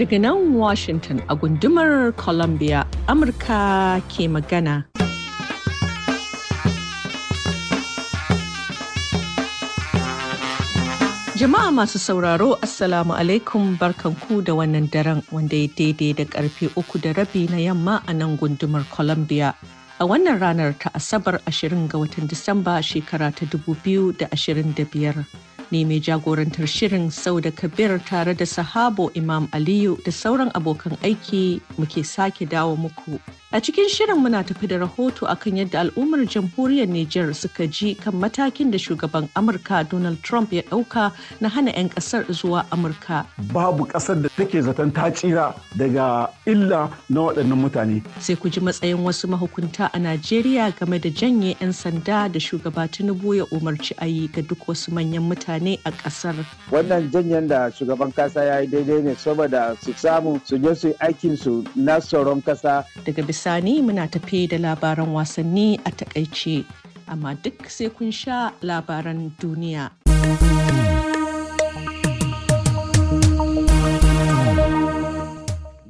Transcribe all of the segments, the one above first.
Daga nan Washington a gundumar Columbia, Amurka ke magana. Jama'a masu sauraro Assalamu alaikum barkanku da wannan daren wanda ya daidai da karfe uku da rabi na yamma a nan gundumar Columbia. a wannan ranar ta Asabar 20 ga watan Disamba shekara ta 2025. Ne mai jagorantar shirin sau kabir tare da sahabo Imam Aliyu da sauran abokan aiki muke sake dawo muku A cikin shirin muna tafi da rahoto akan yadda al'ummar jamhuriyar Nijar suka ji kan matakin da shugaban Amurka Donald Trump ya ɗauka na hana 'yan ƙasar zuwa Amurka. Babu ƙasar da take zaton ta tsira daga illa na waɗannan mutane. Sai ku ji matsayin wasu mahukunta a Najeriya game da janye 'yan sanda da shugaba Tinubu ya umarci a yi ga duk wasu manyan mutane a ƙasar. Wannan janyen da shugaban kasa ya yi daidai ne saboda su samu su je su su na tsaron kasa. Daga bisa Sani muna tafe da labaran wasanni a takaice, amma duk sai kun sha labaran duniya.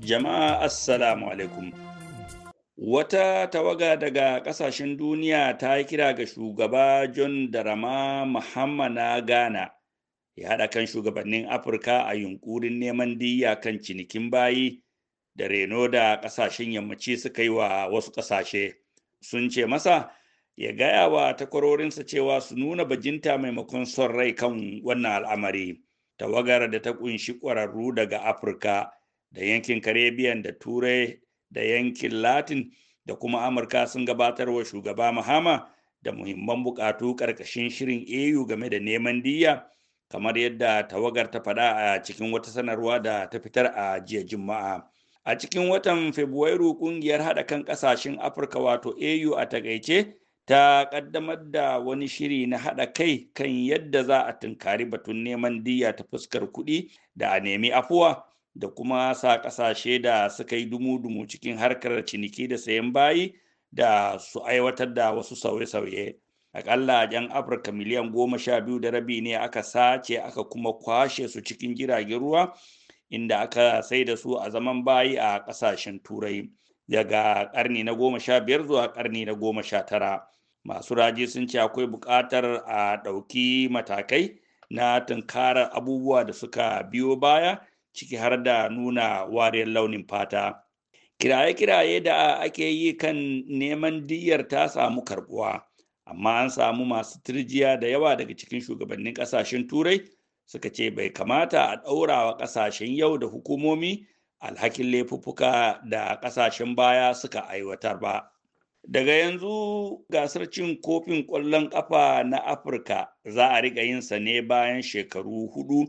Jama'a Assalamu alaikum. Wata tawaga daga ƙasashen duniya ta yi kira ga shugaba John Darama Muhammad na Ghana ya haɗa kan shugabannin Afirka a yunkurin neman diyya kan cinikin bayi da reno da ƙasashen yammaci suka yi wa wasu ƙasashe sun ce masa ya gaya wa takwarorinsa cewa su nuna bajinta maimakon son rai kan wannan al'amari tawagar da ta kunshi ƙwararru daga afirka da yankin caribbean da turai da yankin latin da kuma amurka sun gabatar wa shugaba mahama da muhimman bukatu ƙarƙashin shirin au game da neman diya kamar yadda tawagar ta faɗa a cikin wata sanarwa da ta fitar a jiya juma'a a cikin watan fabrairu kungiyar haɗa kan ƙasashen afirka wato au a takaice ta ƙaddamar da wani shiri na haɗa kai kan yadda za a tunkari batun neman diya ta fuskar kuɗi da a nemi afuwa da kuma sa ƙasashe da suka yi dumu-dumu cikin harkar ciniki da sayan bayi da su aiwatar da wasu sauye-sauye akalla jan afirka miliyan goma sha biyu da rabi ne aka sace aka kuma kwashe su cikin jiragen ruwa inda aka sai da su a zaman bayi a ƙasashen turai daga ƙarni na goma sha biyar zuwa ƙarni na goma sha tara masu raji sun ce akwai buƙatar a ɗauki matakai na tunkarar abubuwa da suka biyo baya ciki har da nuna wariyar launin fata kiraye-kiraye da ake yi kan neman diyyar ta samu karbuwa amma an samu masu turjiya da yawa daga cikin shugabannin ƙasashen turai suka ce bai kamata a ɗaura wa ƙasashen yau da hukumomi alhakin laifuffuka da ƙasashen baya suka aiwatar ba. Daga yanzu gasar cin kofin ƙwallon ƙafa na Afirka za a riƙa yin sa ne bayan shekaru hudu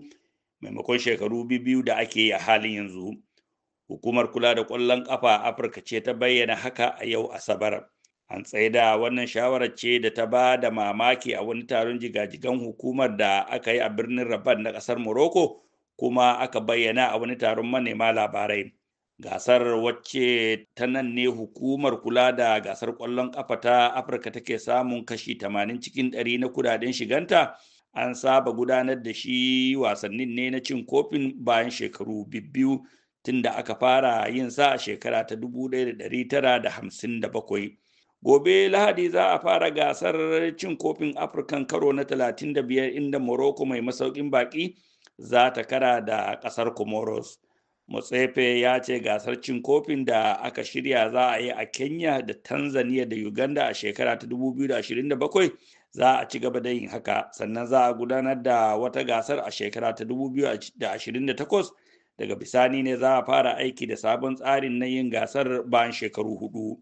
maimakon shekaru biyu da ake yi a halin yanzu. Hukumar kula da ƙwallon ƙafa a Afirka ce ta bayyana haka a yau Asabar. an tsaida wannan shawarar ce da ta ba da mamaki a wani taron jigajigan hukumar da aka yi a birnin rabat na ƙasar morocco kuma aka bayyana a wani taron manema labarai gasar wacce ta nan ne hukumar kula da gasar ƙwallon ƙafa ta afirka take samun kashi 80 cikin 100 na kudaden shiganta an saba gudanar da shi wasannin ne na cin kofin bayan shekaru biyu tun da aka fara yin sa a shekara ta 1957 gobe lahadi za a fara gasar cin kofin afirkan karo na 35 inda morocco mai masaukin baki za ta kara da kasar comoros motsefe ya ce gasar cin kofin da aka shirya za a yi a kenya da tanzania da uganda a shekara ta 2027 za a ci gaba da yin haka sannan za a gudanar da wata gasar a shekara ta 2028 daga bisani ne za a fara aiki da sabon tsarin na yin gasar bayan shekaru hudu.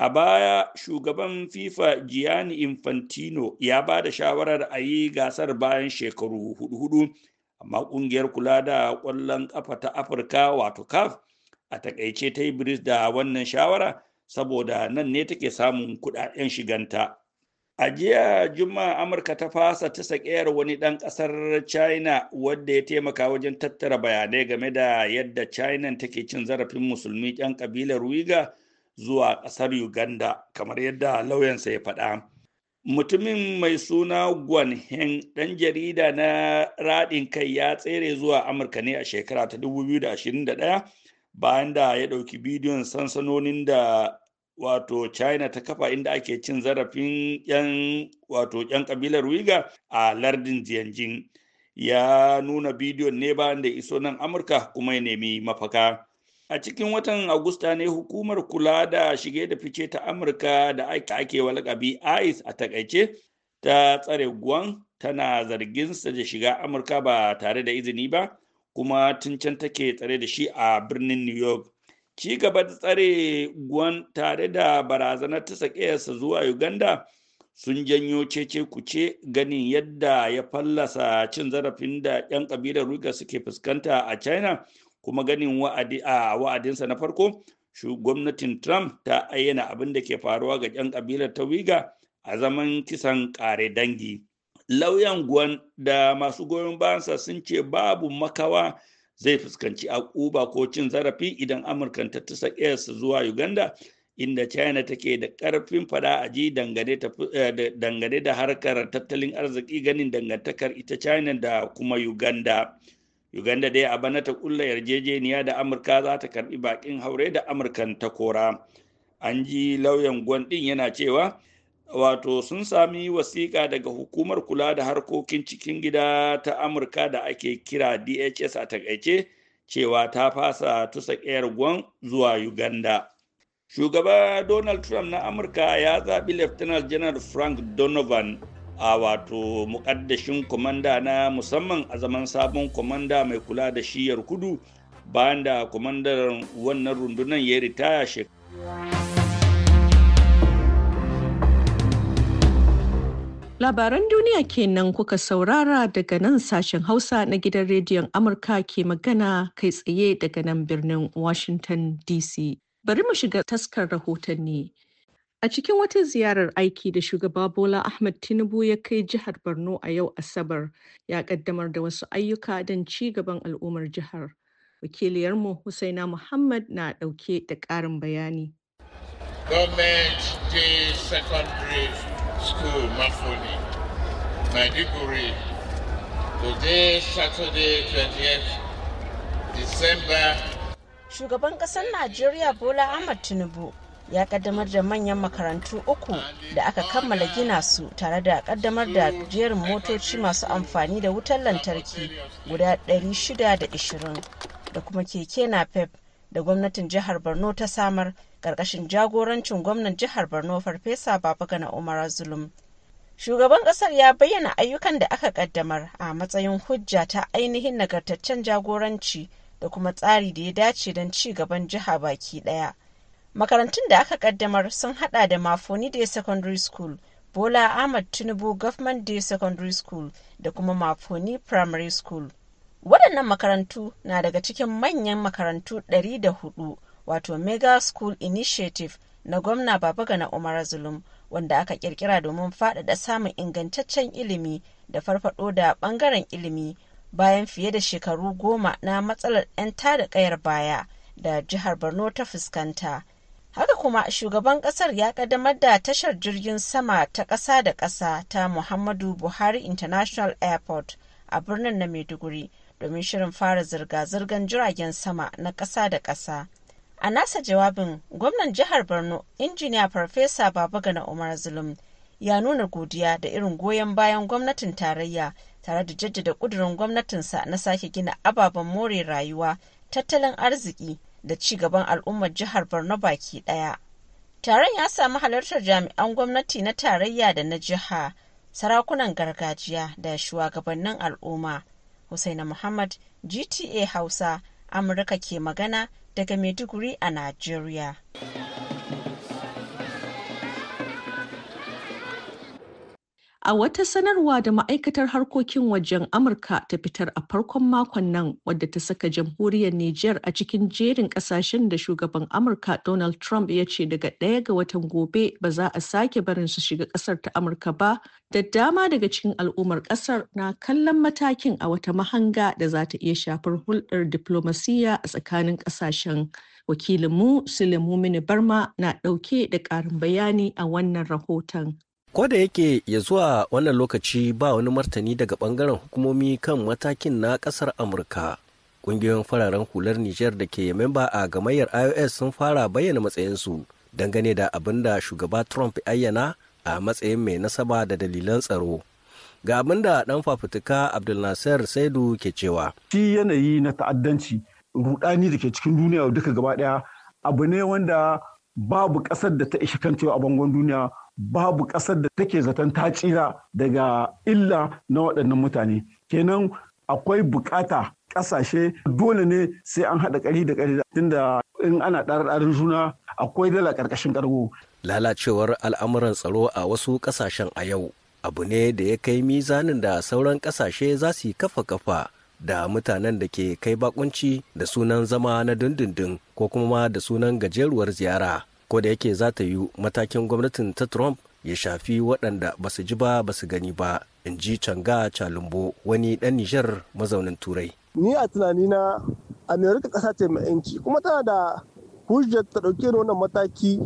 a baya shugaban fifa gianni infantino ya ba da shawarar a yi gasar bayan shekaru hudu-hudu amma kungiyar kula da ƙwallon ƙafa ta afirka wato caf a takaice ta yi da wannan shawara saboda nan ne take samun kudaden shiganta a jiya juma'a amurka ta fasa ta sakayar wani ɗan ƙasar china wadda ya taimaka wajen tattara bayanai game da yadda china take cin zarafin musulmi yan kabilar wiga zuwa ƙasar Uganda kamar yadda lauyansa ya faɗa. Mutumin mai suna Gwanhen ɗan jarida na raɗin kai ya tsere zuwa Amurka ne a shekara ta 2021 bayan da ya ɗauki bidiyon sansanonin da wato china ta kafa inda ake cin zarafin yan wato yan kabilar wiga a lardin jianjin ya nuna bidiyon ne bayan da iso nan amurka kuma ya nemi mafaka a cikin watan agusta ne hukumar kula da shige da fice ta amurka da ake walakabi Ais a takaice ta tsare guan tana zarginsa da shiga amurka ba tare da izini ba kuma tun can take tsare da shi a birnin new york ci gaba da tsare guan tare da barazanar ta sakeyarsa zuwa uganda sun janyo cece kuce ganin yadda ya fallasa cin zarafin da 'yan kabilar ruga suke fuskanta a china kuma ganin a wa'adinsa na farko gwamnatin Trump ta ayyana abin da ke faruwa ga 'yan kabilar ta wiga a zaman kisan kare dangi. Lauyan Guan da masu goyon bayansa sun ce babu makawa zai fuskanci akuba ko cin zarafi idan Amurkan ta tusa zuwa Uganda inda China take da karfin fada a ji eh, dangane da harkar tattalin arziki ganin dangantakar ita China da kuma Uganda. Uganda dai a bana ta kulla yarjejeniya da Amurka za ta karbi bakin haure da Amurkan ta kora. An ji lauyan gwandin yana cewa wato sun sami wasiƙa daga hukumar kula da harkokin cikin gida ta Amurka da ake kira DHS a takaice cewa ta fasa tusa ƙayar gwan zuwa Uganda. Shugaba Donald Trump na Amurka ya zaɓi Lieutenant General Frank Donovan a wato mukaddashin kwamanda na musamman a zaman sabon kwamanda mai kula da shiyar kudu bayan da kwamandar wannan rundunar ya ritaya shekaru. Labaran duniya kenan kuka saurara daga nan sashen Hausa na gidan rediyon Amurka ke magana kai tsaye daga nan birnin Washington DC. Bari mu shiga taskar rahoton ne. A cikin wata ziyarar aiki da Shugaba Bola Ahmed Tinubu ya kai jihar Borno a yau Asabar, ya ƙaddamar da wasu ayyuka don ci gaban al'ummar jihar. Wakiliyarmu Husaina Muhammad na ɗauke da ƙarin bayani. Government Day Secondary School Mafoni, Maiduguri, today Saturday 28 December. Shugaban ƙasar Najeriya Bola Ahmed Tinubu ya kaddamar da manyan makarantu uku da aka kammala gina su tare da kaddamar da jerin motoci masu amfani da wutar lantarki guda 620 da kuma keke na pep da gwamnatin jihar borno ta samar karkashin jagorancin gwamnan jihar borno farfesa na umar zulum shugaban kasar ya bayyana ayyukan da aka kaddamar a matsayin hujja ta ainihin nagartaccen jagoranci da kuma tsari da ya dace don ci gaban jiha baki daya Makarantun da aka kaddamar sun hada da Mafoni Day Secondary School, Bola Ahmed Tinubu Government Day Secondary School da kuma Mafoni Primary School. Waɗannan makarantu na daga cikin manyan makarantu 104 wato Mega School Initiative na gwamna baba Babagana Umar Zulum wanda aka kirkira domin faɗaɗa samun ingantaccen ilimi da farfaɗo da ɓangaren ilimi bayan fiye da shekaru goma na matsalar 'yan tada kayar baya da jihar Borno ta fuskanta. Haka kuma shugaban ƙasar ya ƙaddamar da tashar jirgin sama ta ƙasa da ƙasa ta Muhammadu Buhari International Airport a birnin na Maiduguri domin shirin fara zirga-zirgar jiragen sama na ƙasa da ƙasa. A nasa jawabin gwamnan jihar Borno injiniya Farfesa Babagana Umar Zulum ya nuna godiya da irin goyon bayan gwamnatin tarayya tare da jaddada ƙudurin gwamnatinsa na sake gina ababen more rayuwa, tattalin arziki da ci gaban al'ummar jihar Borno baki ɗaya. Taron ya samu halartar jami'an gwamnati na tarayya da na jiha, sarakunan gargajiya da shugabannin al'umma. Husaina Muhammad, GTA Hausa, Amurka ke magana daga Maiduguri a Najeriya. A wata sanarwa da Ma'aikatar Harkokin Wajen Amurka ta fitar a farkon makon nan wadda ta saka jamhuriyar Nijar a cikin jerin kasashen da shugaban Amurka Donald Trump ya ce daga ɗaya ga watan gobe ba za a sake barin su shiga ƙasar ta Amurka ba, da dama daga cikin al'ummar ƙasar na kallon matakin a wata mahanga da za ta iya shafar hulɗar diplomasiyya a tsakanin ƙasashen. Wakilinmu Suleimu Mini Barma na ɗauke da ƙarin bayani a wannan rahoton. Ko da yake ya zuwa wannan lokaci ba wani martani daga bangaren hukumomi kan matakin na kasar Amurka. Ƙungiyoyin fararen hular Nijar da ke memba a gamayyar IOS sun fara bayyana matsayinsu dangane da abin da shugaba Trump ayyana a matsayin mai nasaba da dalilan tsaro. Ga abin da ɗan fafutuka Abdulnasir Saidu ke cewa. Shi yanayi na ta'addanci rudani da ke cikin duniya duka gaba ɗaya abu ne wanda babu ƙasar da ta ishi kan cewa a bangon duniya babu ƙasar da take zaton ta tsira daga illa na waɗannan mutane kenan akwai bukata ƙasashe dole ne sai an haɗa ƙari da ƙari tunda in ana ɗarɗarin juna akwai dala ƙarƙashin ƙargo. lalacewar al'amuran tsaro a wasu ƙasashen a yau abu ne da ya kai mizanin da sauran ƙasashe za su yi kafa kafa da mutanen da ke kai bakunci da sunan zama na dindindin ko kuma da sunan gajeruwar ziyara ko da yake za ta yiwu matakin gwamnatin ta trump ya shafi waɗanda ba su ji ba ba su gani ba in ji canga calumbo wani ɗan nijar mazaunin turai ni a tunanina amerika ƙasa ce mai yanci kuma tana da hujjar ta ɗauke wannan mataki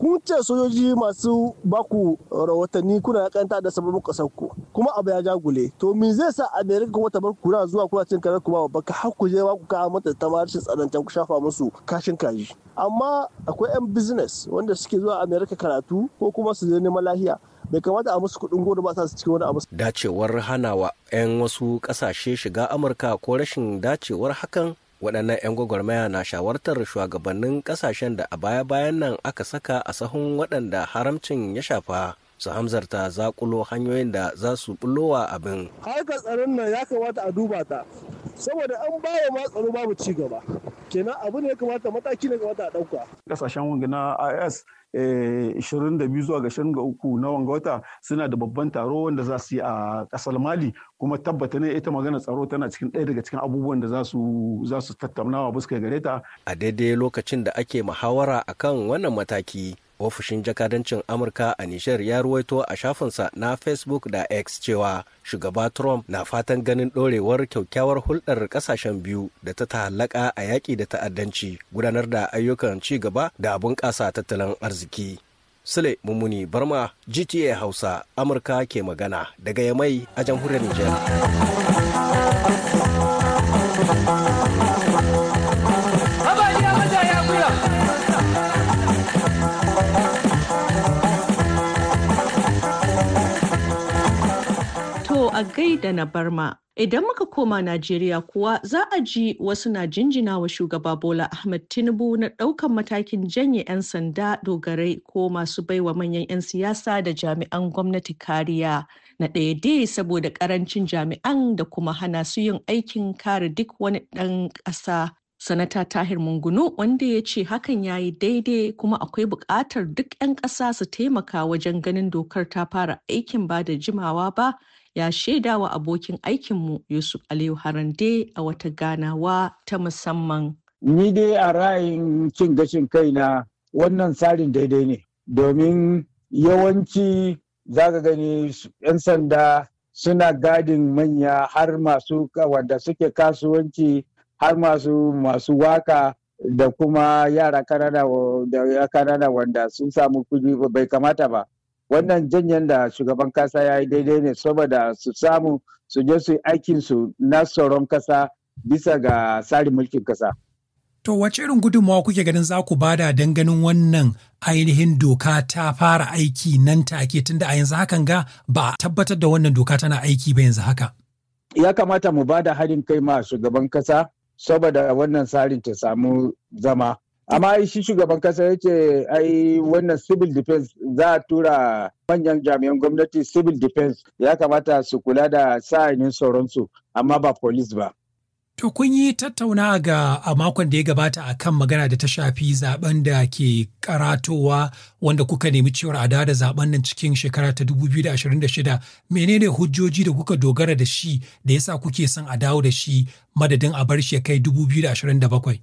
kun ce sojoji masu baku rahotanni kuna kanta da sababin kasar ku kuma abu ya jagule to me zai sa america kuma ta bar kura zuwa kuna cin karar kuma babba ka har ku je ba ku kawo mata ta marshin tsanantan ku shafa musu kashin kaji amma akwai yan business wanda suke zuwa america karatu ko kuma su je neman lahiya bai kamata a musu kuɗin goro ba sa su cikin wani abu. Dacewar hanawa 'yan wasu kasashe shiga Amurka ko rashin dacewar hakan waɗannan 'yan gwagwarmaya na shawartar shugabannin ƙasashen da a baya-bayan nan aka saka a sahun waɗanda haramcin ya shafa su hamzarta zakulo hanyoyin da za su bullowa abin. harkar tsaron nan ya kamata a duba ta saboda an baya ma tsaro babu cigaba kenan abu ne ya kamata mataki ne kamata a ɗauka. kasashen na is 22 eh, zuwa ga uku na wanga wata suna da babban taro wanda za su yi a kasar mali kuma tabbata ne ita magana tsaro tana cikin ɗaya daga cikin abubuwan da za su tattaunawa buska gare ta a daidai lokacin da ake muhawara akan wannan mataki ofishin jakadancin amurka a Nijar ya ruwaito a shafinsa na facebook da x cewa shugaba trump na fatan ganin ɗorewar kyaukyawar hulɗar ƙasashen biyu da ta ta'allaka a yaƙi da ta'addanci gudanar da ayyukan ci gaba da bunƙasa tattalin arziki sule mummuni barma gta hausa amurka ke magana daga yamai a jamhuriyar nijar da na Barma. Idan muka koma Najeriya kuwa za a ji wasu na jinjina wa shugaba Bola Ahmed Tinubu na ɗaukan matakin janye 'yan sanda dogarai ko masu baiwa manyan 'yan siyasa da jami'an gwamnati kariya na ɗaya dai saboda ƙarancin jami'an da kuma hana su yin aikin kare duk wani ɗan ƙasa. Sanata Tahir Mungunu wanda ya ce hakan ya yi daidai kuma akwai buƙatar duk 'yan ƙasa su taimaka wajen ganin dokar ta fara aikin ba da jimawa ba ya wa abokin aikinmu Yusuf Aliyu Harande a wata ganawa ta musamman. Ni dai a ra'ayin cin gashin kai na wannan tsarin daidai ne domin yawanci za gani 'yan sanda suna gadin manya har masu wanda suke kasuwanci har masu masu waka da kuma yara kanana da kanana wanda sun samu kuɗi bai kamata ba wannan janyen da shugaban kasa ya yi daidai ne saboda su samu su je su yi su na tsaron kasa bisa ga tsarin mulkin kasa. To wace irin gudunmawa kuke ganin za ku bada don ganin wannan ainihin doka ta fara aiki nan take tunda a yanzu hakan ga ba a tabbatar da wannan doka tana aiki ba yanzu haka. Ya kamata mu bada haɗin kai ma shugaban kasa saboda wannan tsarin ta samu zama amma shi shugaban kasa ya ce ai wannan civil defense za a tura manyan jami'an gwamnati civil defense ya kamata su kula da sa'anin sauransu amma ba police ba To kun yi tattauna ga a makon da ya gabata a kan magana da ta shafi zaben da ke karatowa wanda kuka nemi cewar a da zaben nan cikin shekara ta 2026 menene hujjoji da kuka dogara da shi da yasa kuke son a dawo da shi madadin a bar shi ya kai 2027?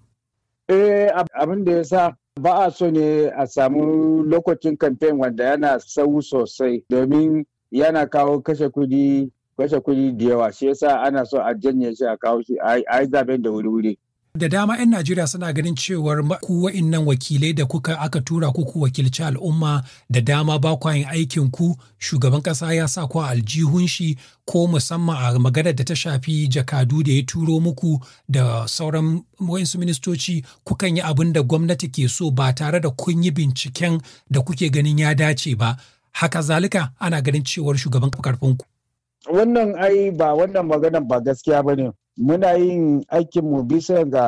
Eh abin da ya sa ba a so ne a samu lokacin kamfen wanda yana sau sosai domin yana kawo kashe kudi kashe kudi da yawa shi yasa ana so a janye shi a kawo shi a yi zaben da wuri-wuri Da dama 'yan Najeriya suna ganin cewar ku wa'innan wakilai da kuka aka tura ku ku wakilci al'umma da dama ba kwa yin aikin ku shugaban ƙasa ya sa ku aljihun shi ko musamman a magana da ta shafi jakadu da ya turo muku da sauran wayansu ministoci kukan yi abin da gwamnati ke so ba tare da kun yi binciken da kuke ganin ya dace ba. Haka zalika ana ganin cewar shugaban ku Wannan ai ba wannan maganar ba gaskiya ba muna yin aikinmu bisa ga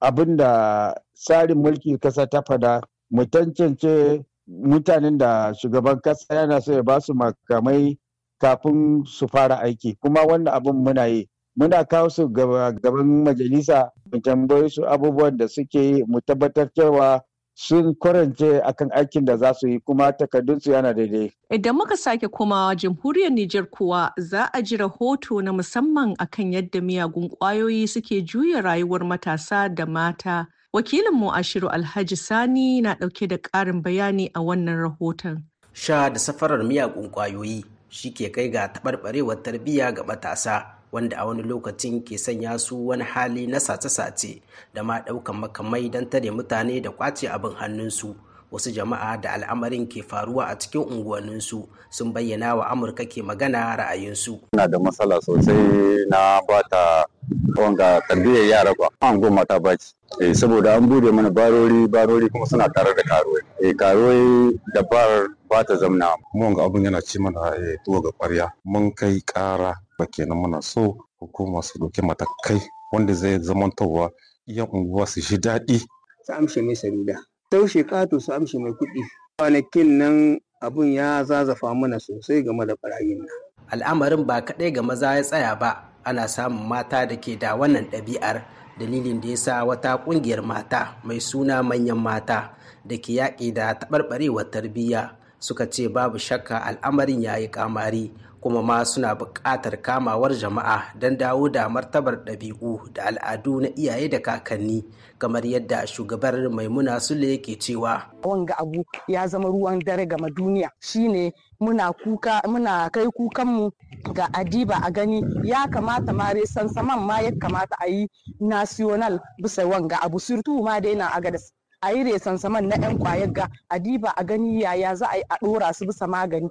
abin da tsarin mulki kasa ta fada mu tantance mutanen da shugaban kasa yana so ya ba su makamai kafin su fara aiki kuma wannan abin muna yi muna kawo su gaban majalisa mu tambayi su abubuwan da suke yi mu tabbatar cewa sun kwarance akan aikin da za su yi kuma takardunsu yana daidai. Idan muka sake kuma jamhuriyar Nijar kuwa za a ji rahoto na musamman akan yadda miyagun ƙwayoyi suke juya rayuwar matasa da mata. Wakilinmu Ashiru Alhaji Sani na ɗauke da ƙarin bayani a wannan rahoton. Sha da safarar miyagun ƙwayoyi shi ke kai ga taɓarɓarewar tarbiyya ga matasa wanda a wani lokacin ke sanya su wani hali na sace-sace da ma ɗaukan makamai don tare mutane da kwace abin hannunsu wasu jama'a da al'amarin ke faruwa a cikin unguwanninsu sun bayyana wa amurka ke magana ra'ayinsu. Ina da matsala sosai na bata wanga tarbiyya yara ba an goma ta baci eh, saboda an bude mana barori barori kuma suna tare da karuwa. e eh, karuwa dabar ba ta zamna mun ga abun yana ci mana eh, tuwo ga kwarya mun kai kara ba kenan muna so hukuma su matakai wanda zai zamantowa iyan unguwa su shi daɗi su amshe mai sabida taushe kato su amshe mai kuɗi kwanakin nan abun ya zazafa mana sosai game da barayin nan al'amarin ba kaɗai ga maza ya tsaya ba ana samun mata da ke da wannan ɗabi'ar dalilin da ya sa wata ƙungiyar mata mai suna manyan mata da ke yaƙi da taɓarɓarewar tarbiyya suka ce babu shakka al'amarin ya yi ƙamari kuma ma suna buƙatar kamawar jama'a don dawo da martabar ɗabi'u da al'adu na iyaye da kakanni kamar yadda shugabar maimuna sule ke cewa wanga abu ya zama ruwan dare gama duniya shine muna kuka muna kai kukanmu ga adiba a gani ya kamata ma sansaman ma ya kamata a yi national bisa wanga abu surtu ma dai na agadas a yi resansaman na 'yan kwayar ga adiba a gani yaya za a yi a ɗora su bisa magani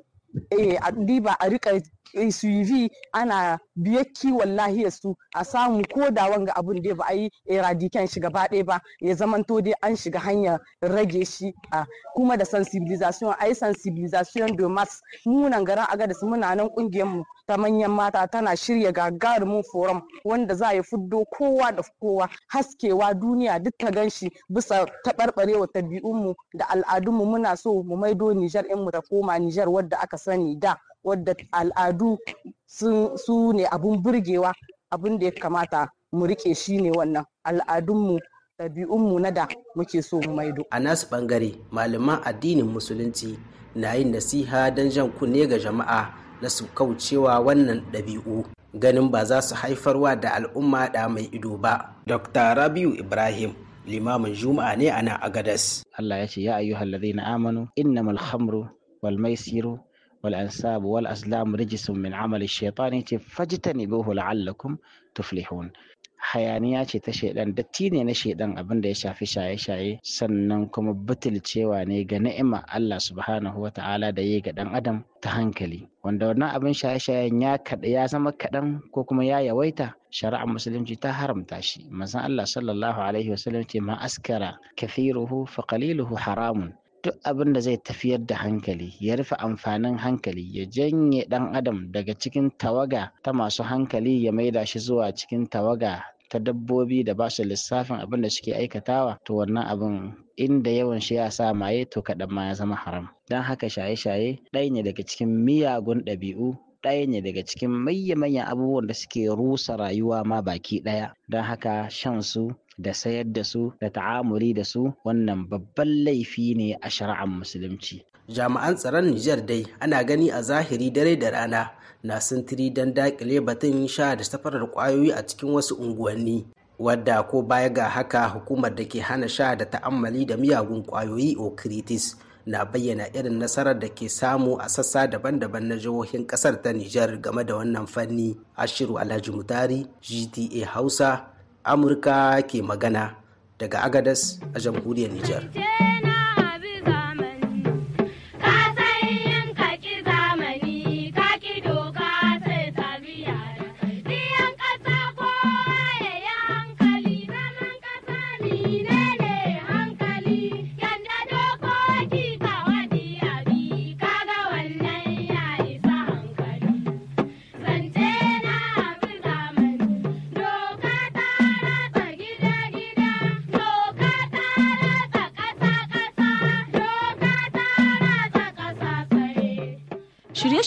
eh a ba a rika Eh, su yi ana biye kiwon lahiyarsu a samu koda wanga abun da ba a yi eradikan shi gaba ɗaya ba ya zamanto dai an shiga hanyar rage shi a kuma da sensibilisation a yi sensibilisation de mass munan garin agadis muna nan mu ta manyan mata tana shirya gagarumin forum wanda za yi fuddo kowa da kowa haskewa duniya duk ta ganshi bisa taɓarɓarewa tabi'unmu da al'adunmu muna so mu maido nijar mu ta koma nijar wadda aka sani da wadda al'adu su ne abun burgewa abun da ya kamata mu rike shi ne wannan al'adunmu ɗabi'unmu na da muke so mu maido. A nasu ɓangare malaman addinin musulunci na yin nasiha don jan kunne ga jama'a na su kaucewa wannan ɗabi'u ganin ba za su haifarwa da al'umma da mai ido ba. Dr. Rabiu Ibrahim limamin Juma'a ne a nan Agadas. Allah ya ce ya ayyuhal ladina amanu innamal khamru wal maisiru wal ansab wal aslam rijisun min amali shaitan yace fajtanibuhu la'allakum tuflihun hayaniya ce ta shaidan datti ne na shaidan abin da ya shafi shaye-shaye sannan kuma butulcewa ne ga ni'ima Allah subhanahu wa ta'ala da ya ga dan adam ta hankali wanda wannan abin shaye-shayen ya kaɗa ya zama kaɗan ko kuma ya yawaita shari'ar musulunci ta haramta shi manzon Allah sallallahu alaihi wasallam ce ma askara kathiruhu fa qaliluhu haramun duk abin da zai tafiyar da hankali ya rufe amfanin hankali ya janye ɗan adam daga cikin tawaga ta masu hankali ya maida shi zuwa cikin tawaga ta dabbobi da ba su lissafin abin da suke aikatawa to wannan abin inda yawan shi ya sa maye to kaɗan ma ya zama haram don haka shaye-shaye ɗaya ne daga cikin miyagun ɗabi'u ɗaya ne daga cikin manya-manyan abubuwan da suke rusa rayuwa ma baki ɗaya don haka shan su da sayar da su da ta'amuli da su wannan babban laifi ne a shari'ar musulunci jami'an tsaron Nijar dai ana gani a zahiri dare da rana na sintiri don dakile batun sha da safarar kwayoyi a cikin wasu unguwanni wadda ko baya ga haka hukumar da ke hana sha da ta'ammali da miyagun kwayoyi okritis na bayyana irin nasarar da ke samu a sassa daban-daban na jihohin kasar ta Nijar game da wannan fanni ashiru alhaji mutari gta hausa amurka ke magana daga agadas a jamhuriyar nijar.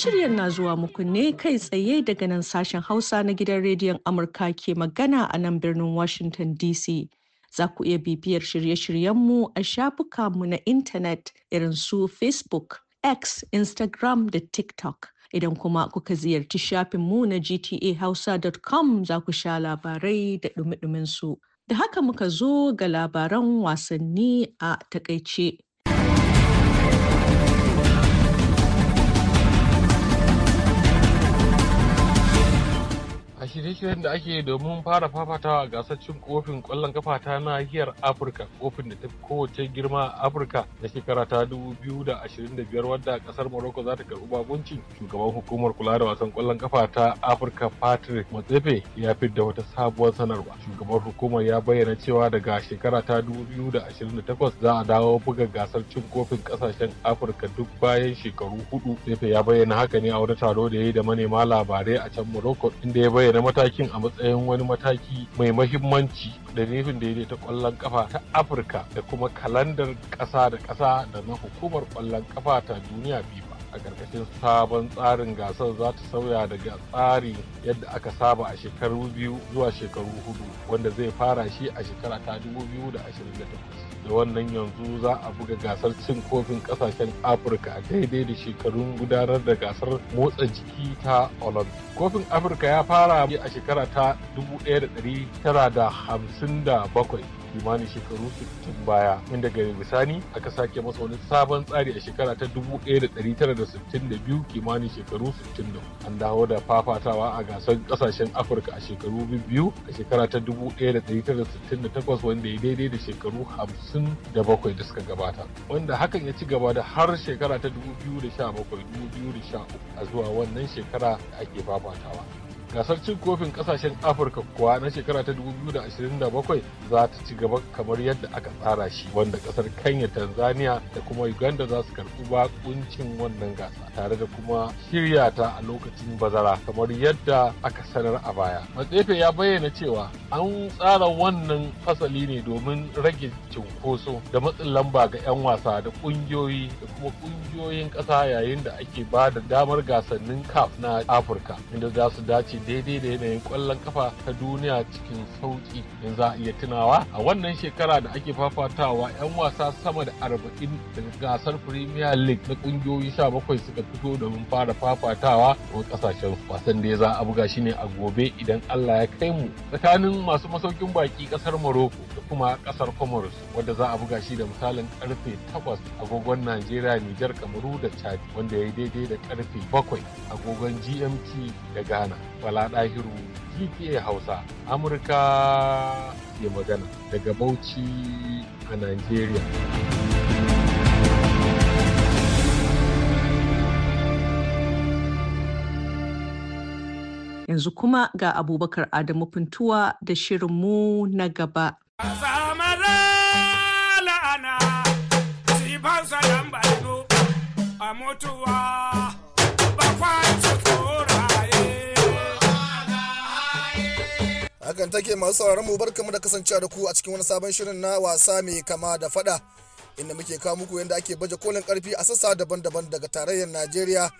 shiryen na zuwa muku ne kai tsaye daga nan sashen Hausa na gidan rediyon Amurka ke magana a nan birnin Washington DC. Za ku iya bibiyar shirye-shiryenmu a mu na intanet irin su Facebook, X, Instagram da TikTok. Idan kuma kuka ziyarci shafinmu na gtahausa.com za ku sha labarai da ɗumi su Da haka muka zo ga labaran wasanni a takaice. a shirye-shiryen da ake domin fara fafatawa gasar cin kofin kwallon kafa ta nahiyar afirka kofin da ta fi kowace girma a afirka na shekara ta 2025 wadda kasar morocco za ta karbi shugaban hukumar kula da wasan kwallon kafa ta afirka patrick matsefe ya da wata sabuwar sanarwa shugaban hukumar ya bayyana cewa daga shekara ta 2028 za a dawo buga gasar cin kofin kasashen afirka duk bayan shekaru hudu motsefe ya bayyana haka ne a wani taro da ya yi da manema labarai a can morocco inda ya bayyana Na matakin a matsayin wani mataki mai mahimmanci da nufin ta kwallon kafa ta afirka da kuma kalandar ƙasa da ƙasa da na hukumar kwallon kafa ta duniya fifa a ƙarƙashin sabon tsarin gasar za ta sauya daga tsari yadda aka saba a shekaru biyu zuwa shekaru hudu wanda zai fara shi a shekara ta 2028 da wannan yanzu za a buga gasar cin kofin kasashen afirka daidai da shekarun gudanar da gasar motsa jiki ta olympic kofin afirka ya fara a shekara ta 1957 kimanin shekaru 60 baya inda gari bisani aka sake masa wani sabon tsari a shekara ta 1962 kimanin shekaru 60 an dawo da fafatawa a gasar kasashen afirka a shekaru biyu a shekara ta 1968 wanda ya daidai da shekaru 57 da suka gabata wanda hakan ya ci gaba da har shekara ta 2017 2013 a zuwa wannan shekara da ake fafatawa gasar cin kofin kasashen afirka kuwa na shekara ta 2027 za ta ci gaba kamar yadda aka tsara shi wanda kasar kenya tanzania da kuma uganda za su karbi bakuncin wannan gasa tare da kuma shirya ta a lokacin bazara kamar yadda aka sanar a baya matsefe ya bayyana cewa an tsara wannan fasali ne domin rage cunkoso da matsin lamba ga 'yan wasa da kungiyoyi da kuma kungiyoyin kasa yayin da ake ba da damar gasannin caf na afirka inda za su dace daidai da yanayin kwallon kafa ta duniya cikin sauki in za a iya tunawa a wannan shekara da ake fafatawa 'yan wasa sama da arba'in daga gasar premier league na kungiyoyi bakwai suka fito domin fara fafatawa a kasashen wasan da ya za a buga shi ne a gobe idan allah ya kai mu tsakanin masu masaukin baki kasar morocco da kuma kasar comoros wanda za a buga shi da misalin karfe takwas agogon najeriya nijar kamaru da chad wanda ya yi daidai da karfe bakwai agogon gmt da ghana Murtala Dahiru, GTA Hausa Amurka ke magana daga Bauchi a Najeriya. Yanzu kuma ga Abubakar Adamu fintuwa da shirinmu na gaba. hakan masu sauraron mu barkamu da kasancewa da ku a cikin wani sabon shirin na wasa mai kama da fada inda muke kawo muku yadda ake baje kolin karfi a sassa daban-daban daga tarayyar Najeriya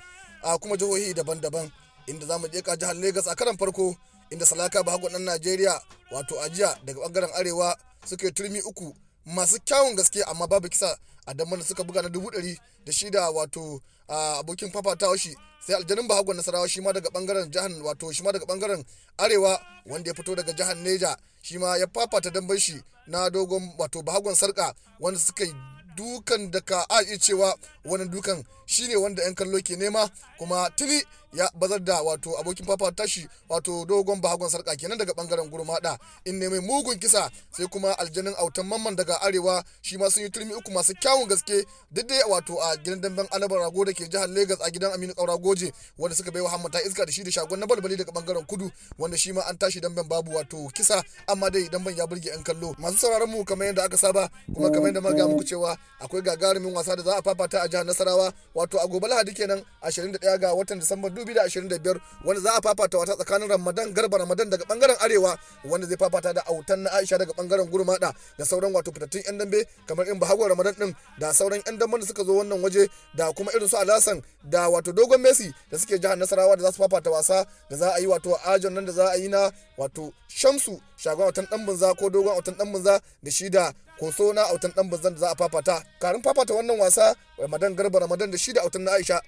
a kuma jihohi daban-daban inda zamu je ka jihar Lagos a karan farko inda salaka bahagon dan Najeriya wato ajiya daga bangaren arewa suke turmi uku masu kyawun gaske amma babu kisa a damar suka buga na dubu ɗari da shi da wato abokin fafatawa shi sai aljanin bahagwa nasarawa shi ma daga bangaren jahan wato shi ma daga bangaren arewa wanda ya fito daga jihar neja shi ma ya fafata damben shi na dogon wato bahagon sarka wanda suka yi dukan da ka a cewa wani dukan shine wanda 'yan kallo ke nema kuma tuni ya bazar da wato abokin fafa tashi wato dogon bahagon sarka kenan daga bangaren da in ne mai mugun kisa sai kuma aljanin autan mamman daga arewa shi ma sun yi turmi uku masu kyawun gaske duk dai wato a gidan damben alabar rago da ke jihar lagos a gidan aminu kaura goje wanda suka baiwa hamata iska da shi da shagon na balbali daga bangaren kudu wanda shi ma an tashi damben babu wato kisa amma dai damben ya burge yan kallo masu sauraron mu kamar yadda aka saba kuma kamar yadda muka muku cewa akwai gagarumin wasa da za a fafata a jihar nasarawa wato a gobe lahadi kenan 21 ga watan disamba 2025 wanda za a fafata wata tsakanin Ramadan Garba Ramadan daga bangaren Arewa wanda zai fafata da autan na Aisha daga bangaren Gurmada da sauran wato fitattun yan dambe kamar in Bahagwa Ramadan din da sauran yan damben da suka zo wannan waje da kuma irin su Alasan da wato Dogon Messi da suke jihar Nasarawa da za su fafata wasa da za a yi wato ajon nan da za a yi na wato Shamsu shagon autan dan bunza ko dogon autan dan bunza da shi da so na autan dan bazan da za a fafata karin fafata wannan wasa ramadan garba ramadan da shi da autan na aisha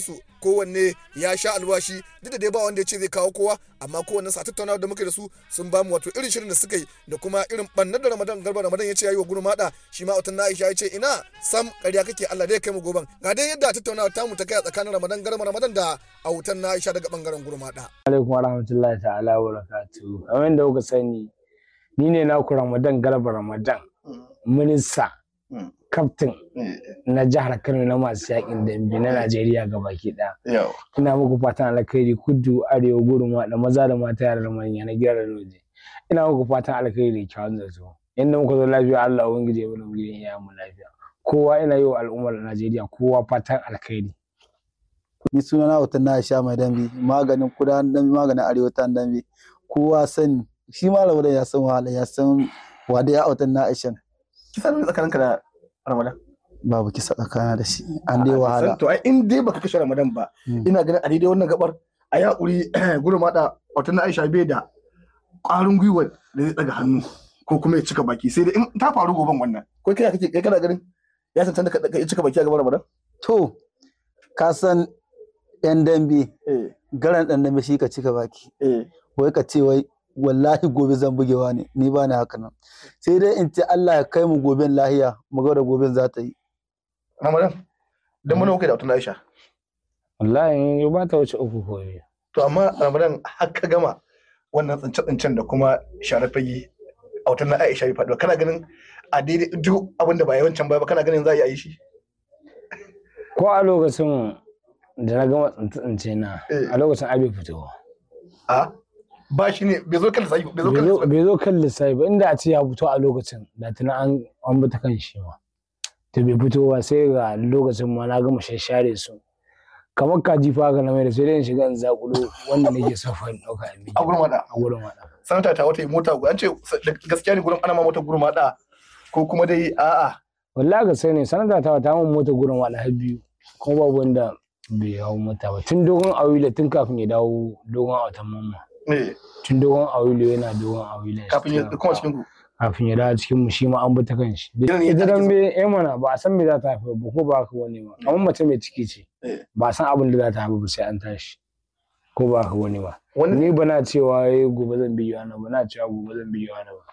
su kowanne ya sha alwashi duk da dai ba wanda ya ce zai kawo kowa amma kowanne sa tattauna da muke da su sun ba mu wato irin shirin da suka yi da kuma irin bannar da ramadan garba ramadan ya ce ya yi wa gurin mada shi ma autan na aisha ya ce ina sam ƙarya kake allah dai kai mu goban ga dai yadda tattaunawa tamu ta kai a tsakanin ramadan garba ramadan da autan na aisha daga bangaren gurin mada. alaikum warahmatullahi ta'ala wa barakatuh kamar yadda kuka sani ni ne naku ramadan garba ramadan minista kaftin hmm. hmm. na jihar Kano na masu yakin dambe na hmm. Najeriya baki da Ina muku fatan alkhairi kudu arewa gurma da maza da mata yara da manya na da Ranoje. Ina muku fatan alkhairi kyawun da zato. Inda muka zo lafiya Allah wani ya wani mu ya mu lafiya. Kowa ina yi wa al'ummar Najeriya kowa fatan alkhairi. Ni suna na hoton na sha mai dambe maganin kudan dambe maganin arewa ta dambe. Kowa sani shi da ya san wahala ya san wa da ya hoton na Aisha. kisa tsakanin ka da Ramadan babu kisa tsakana da shi an dai wahala to ai in dai baka kashe Ramadan ba hmm. ina ganin a daidai wannan gabar a ya kuri gurin mata wata na Aisha bai da ƙwarin gwiwa da zai daga hannu ko kuma ya cika baki sai dai in ta faru goban wannan ko kai kake kai kana ganin ya san tanda ka cika baki a gaban Ramadan to ka san yan dambe eh. garan dan dambe shi ka cika baki eh. wai ka ce wai wallahi gobe zan bugewa ne ni ba ni haka nan sai dai in ce Allah ya kai mu goben lahiya mu ga da goben za ta yi Ramadan dan mun kai da Abdullahi Aisha wallahi yau ba ta wuce uku ko biyu to amma Ramadan har ka gama wannan tsince tsincen da kuma sharafi a wutar Aisha bi faɗi kana ganin a daidai duk abin da ba yawancin ba kana ganin za a yi shi ko a lokacin da na gama tsince na eh. a lokacin abin fitowa a ba shi ne bai zo kalli lissafi bai zo bai zo kan lissafi ba inda a ce ya fito a lokacin da tana an an bi ta kan shi ma to bai fito ba sai ga lokacin ma na gama shashare su kamar kaji fa ga mai da sai dai in shiga in zakulo wanda nake so fa in dauka in bi a gurin wada a gurma da. sanata ta wata mota an ce gaskiya ne gurin ana ma mota gurin wada ko kuma dai a'a wallahi ga sai ne sanata ta wata mun mota gurin wala har biyu kuma babu wanda bai hau mota ba tun dogon awila tun kafin ya dawo dogon awatan mamma Eh. tun dogon awilo yana dogon awilo kafin ya kuma cikin ku kafin ya dawo cikin mu shi ma an bi kan shi ita dan be eh mana ba a san me za ta haifa ba ko ba ka wani ba amma mace mai ciki ce eh. ba san abin da za ta haifa ba sai an tashi ko ba ka wani ba ni ba na cewa eh gobe zan bi yana ba na cewa gobe zan bi yana ba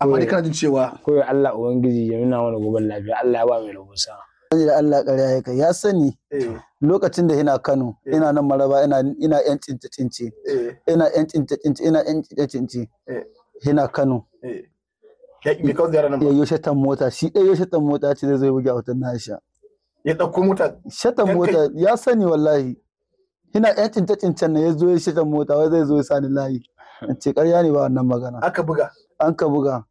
amma dai kana jin cewa koyo Allah ubangiji ya nuna mana gobe lafiya Allah ya ba mai rubusa rantsi da Allah ƙarya ya kai ya sani eh. lokacin da ina Kano eh. ina nan Maraba ina ina yan cince cince eh. ina yan cince cince ina yan cince cince ina Kano ya they are shatan mota shi dai ya shatan mota ce zai buge a wutar nasha ya dauko mota shatan mota ya sani wallahi ina yan cince cincen ne ya zo ya shatan mota wai zai zo ya sani layi in ce ƙarya ne ba wannan magana aka buga an ka buga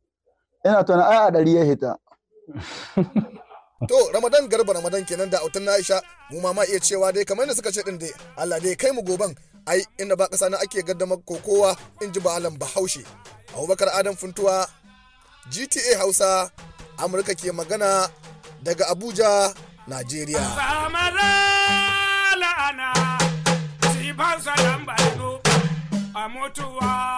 ina tunanin ai a ɗari ya hita to ramadan garba ramadan kenan da autan aisha mu ma iya cewa dai kamar da suka ce din dai allah dai kai mu goban ai inda ba kasa na ake gaddamar kokowa in ji baalan bahaushe abubakar adam funtuwa gta hausa amurka ke magana daga abuja najeriya. a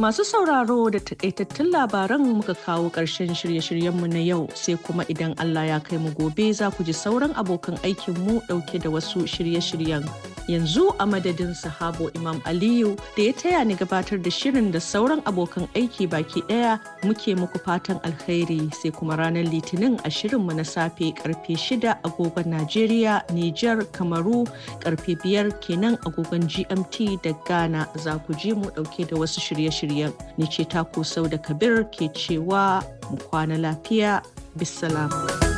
Masu sauraro da takaitattun labaran muka kawo ƙarshen shirye-shiryenmu na yau sai kuma idan Allah ya kai mu gobe za ku ji sauran abokan aikinmu ɗauke da wasu shirye-shiryen. Yanzu a madadin sahabo Imam Aliyu da ya taya ni gabatar da shirin da sauran abokan aiki baki ɗaya muke muku fatan alkhairi sai kuma ranar litinin a shirinmu na safe karfe shida agogon Najeriya, Nijar, Kamaru karfe biyar kenan agogon GMT da Ghana za ku ji mu ɗauke da wasu shirye-shiryen. shirye ni ce ta sau da kabir ke cewa mu kwana lafiya bisalam.